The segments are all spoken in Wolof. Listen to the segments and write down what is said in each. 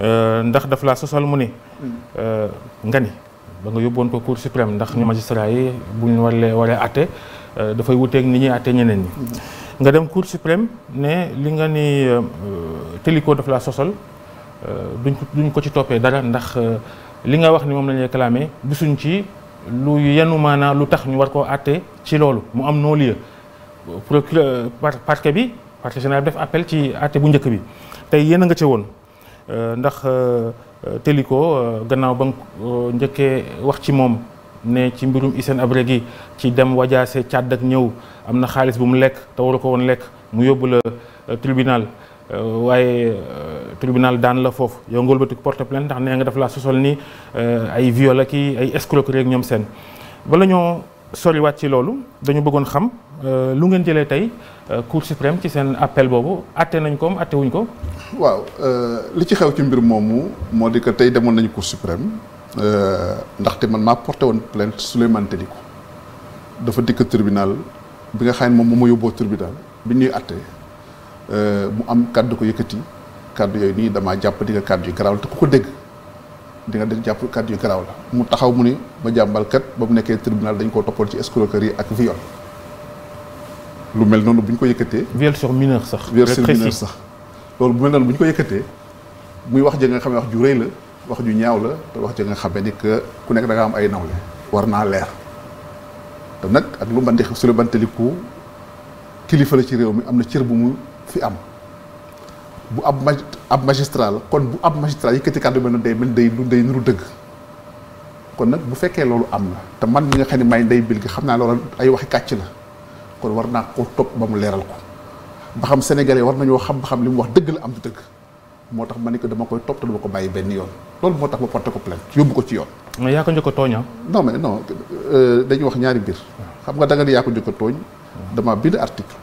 Euh, ndax daf la sosal mu ni hmm. euh, nga ni ba nga yóbboon ko cour suprême ndax ñu magistrat yi bu ñu warlee waree atte euh, dafay wuteeg nit ñi atte ñeneen ñi hmm. nga dem cour suprême ne li nga ni Téliko daf laa sosal duñ ko ko ci toppee dara ndax li nga wax ni moom la ñuy clamé gisuñ ci lu yenu maanaa lu tax ñu war koo atte ci loolu mu am non lieu procureur parquet bi parquet général bi def appel ci atte bu njëkk bi tey yéen a nga ci woon Euh, ndax euh, euh, Téliko gannaaw ba njëkkee wax ci moom ne ci mbirum issen Habré gi ci dem wajaase càdd ak ñëw am na xaalis bu mu lekk te waru ko woon lekk mu yóbbu la tribunal waaye tribunal daan la foofu yow nga wëlbatiku porte plainte ndax nee nga daf la sosol ni ay viol ak ay escroquerie ak ñoom seen bala ñoo soriwaat ci loolu dañu bëggoon xam. Euh, lu ngeen jëlee tey euh, cour suprême ci seen appel boobu atte nañ koom atte wuñ ko. waaw euh, li ci xew ci mbir moomu moo di que tey demoon nañu cour suprême ndaxte man ma porté woon plainte Souleymane Téliko dafa dikk tribunal bi nga xam ne moom moo ma yóbboo tribunal bi ñuy atte mu am kàddu ko yëkkati kàddu yooyu nii damaa jàpp di nga kàddu yu garaaw la te ku ko dégg. di nga def jàpp kàddu yu garaaw la mu taxaw mu ni ma jàmbal kat ba mu nekkee tribunal dañ koo toppoon ci escroquerie ak viol lu mel noonu bu ñu ko yëkkatee. viol sur mineur sax. viol sur mineur sax loolu bu mel noonu bu ñu ko yëkkatee muy wax ja nga xam ne wax ju rëy la wax ju ñaaw la te wax ja nga xam ni que ku nekk da am ay nawle. war naa leer te nag ak lu mbante su lu kilifa la ci réew mi am na cër bu mu fi am bu ab ma ab magistrat la kon bu ab magistrat yëkkati kàddu mel na day mel day lu day nuru dëgg. kon nag bu fekkee loolu am na te man mi nga xam ne may ndey bil gi xam naa loolu ay waxi kàcc la kon war naa ko topp ba mu leeral ko ba xam sénégalais war nañoo xam ba xam li mu wax dëgg la am du dëgg moo tax ma ni ko dama koy topp te dama ko bàyyi benn yoon loolu moo tax ma ko plainte yóbbu ko ko njëkk a ah? euh, dañuy wax ñaari mbir. xam nga danga ne yaa ko njëkk a tooñ. dama bind article.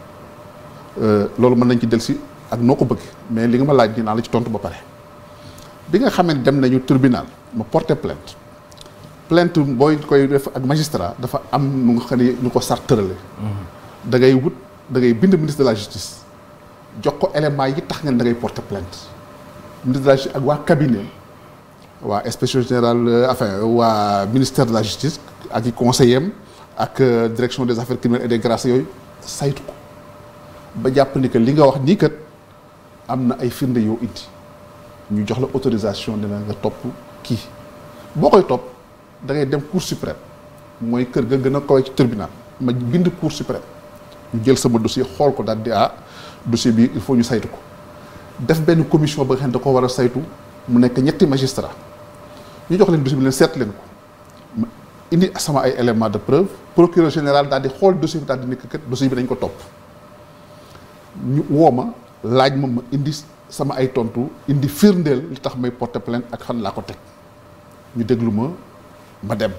Euh, loolu mën nañ ci dellusi ak noo ko bëggee mais li nga ma laaj dinaa la ci tontu ba pare. bi nga xamee dem nañu tribunal ma porte plainte. plainte booy koy def ak magistra dafa am nu nga xam ne ñu ko sart tërale mm-hmm. da wut da ngay bind ministre de la justice jox ko élément yi tax ngeen da ngay porte plainte ministre de la justice ak waa cabinet waa inspection générale euh, enfin waa ministère de la justice ak i conseiller ak euh, direction des affaires criminelles et des grâces yooyu saytu ko ba jàpp que li nga wax nii kat am na ay firnde yoo indi ñu jox la autorisation dina nga topp kii boo koy topp dangay dem cour suprême mooy kër ga gën a kawe ci tribunal ma bind cour suprême jël sama dossier xool ko daal di ah dossier bi il faut ñu saytu ko def benn commission ba nga xam ne da koo war a saytu mu nekk ñetti magistrat ñu jox leen dossier bi leen seet leen ko indi sama ay éléments de preuve procureur général daal di xool dossier bi daal di nekk bi dañ ko topp ñu woo ma laaj ma ma indi sama ay tontu indi firndeel li tax may porter plainte ak fan laa ko teg ñu déglu ma ma dem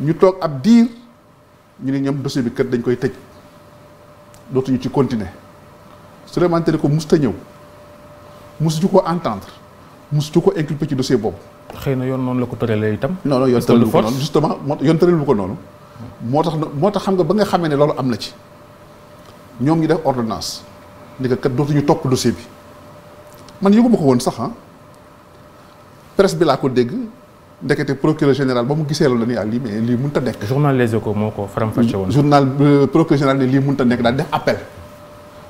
ñu toog ab diir ñu ne ñoom dossier bi kër dañ koy tëj. dootuñu ci continuer Souleymane ko mosut a ñëw mosuñu ko entendre mosuñu ko inculpé ci dossier boobu. xëy na yoon noonu la ko tëralee itam. non non yoon tëralu ko noonu justement moo yoon tëralu ko noonu. moo tax moo tax xam nga ba nga xamee ne loolu am na ci ñoom ngi def ordonnance ni kat dootuñu topp dossier bi man yëguma ko woon sax ah presse bi laa ko dégg. ndekete procureur général ba mu gisee loolu dañuy ah lii mais lii mënut a nekk. journal Les Échos moo ko faram-fàcce journal euh, procureur général ne lii mënut a nekk daal def appel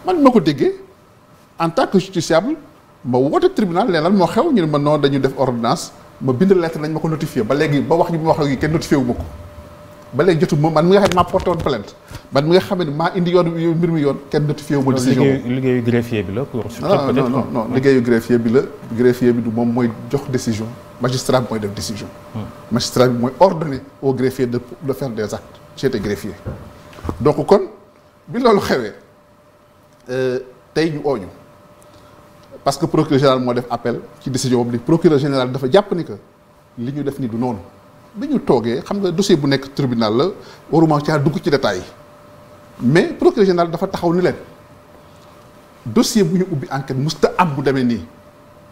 man ma ko déggee en tant que justiciable ma woote tribunal lan moo xew ñu ne ma non dañu def ordonnance ma bind lettre nañ ma ko notifié ba léegi ba wax ji ma wax kenn notifié wu ma ko ba léegi jotu ma man mi nga xam ne maa porté indi yoon mbir mi yoon kenn notifié wu ma décision liggéeyu liggéeyu greffier bi la. pour non non moom mooy jox décision. magistrat bi mooy def décision. magistrat bi mooy ordonné au greffier de de faire des actes j'étais greffier. donc kon bi loolu xewee euh, tey ñu ooñu parce que procureur général moo def appel ci décision boobu procureur général dafa jàpp ni que li ñu def nii du noonu bi ñu toogee xam nga dossier bu nekk tribunal la waruma ca dugg ci détails yi mais procureur général dafa taxaw ni leen dossier bu ñu ubbi enquête musta am bu demee nii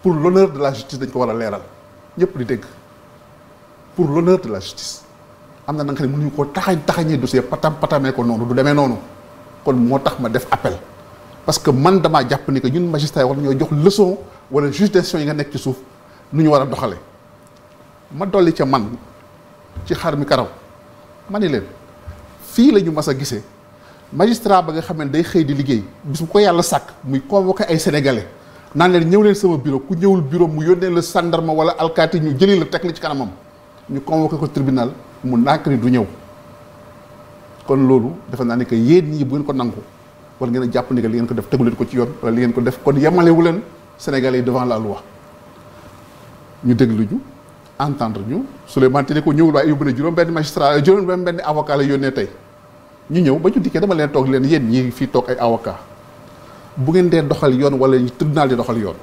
pour l'honneur de la justice dañ ko war a leeral. ñépp di dégg pour l'honneur de la justice am na nanga xam ne mënuñu koo taxañ taxañee dossier patam patamee ko noonu du demee noonu kon moo tax ma def appel parce que man damaa jàpp ni que ñun magistrat yi war nañoo jox leçon wala juge d'instruction yi nga nekk ci suuf nu ñu war a doxale ma dolli ca man ci xar mi karaw ma ni leen fii la ñu mas a gisee magistrat ba nga xam ne day xëy di liggéey bis bu ko yàlla sàkk muy convoqué ay sénégalais naan leen ñëw leen sama bureau ku ñëwul bureau mu yónnee la sandarma wala alkaati ñu jëli la teg la ci kanamam ñu convoqué ko tribunal mu nàkk ni du ñëw kon loolu defe naa ne que yéen ñii bu ngeen ko nangu war ngeen jàpp ni que li ngeen ko def tegu leen ko ci yoon wala li ngeen ko def kon yemalewu leen Sénégalais yi devant la loi ñu déglu ñu entendre ñu Souleymane Téliko ko ñëwul waaye yóbbu na juróom benn magistrat juróom benn avocat la yónnee tey ñu ñëw ba ñu dikkee dama leen toog leen yéen ñii fii toog ay avocat bu ngeen dee doxal yoon wala tribunal di doxal yoon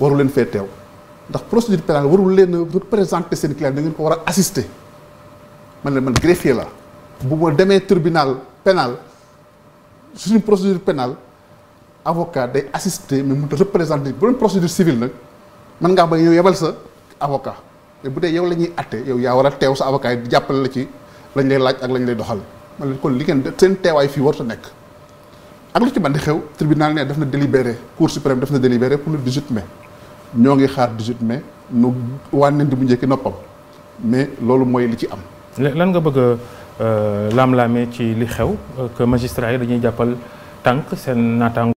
waru leen fee teew ndax procédure pénale warul leen représenter seen client da ngeen ko war a assister man leen man greffier la bu ma demee tribunal penal suñu procédure penal avocat day assister mais mënut a représenter bu doon procédure civile nag mën ngaa ba yow yebal sa avocat mais bu dee yow la ñuy atte yow yaa war a teew sa avocat yi jàppale la ci lañ lay laaj ak lañ lay doxal man leen kon li ngeen seen teewaay fii warut a nekk ak lu ci mën xew tribunal ne def na délibéré cour suprême daf na délibéré pour le 18 mais ñoo ngi xaar 18 mai nu wànneen di mu njëkki noppam mais loolu mooy li ci am. lan nga bëgg a euh, laam-laamee ci li xew que magistrat yi dañuy jàppal tànk seen naataango.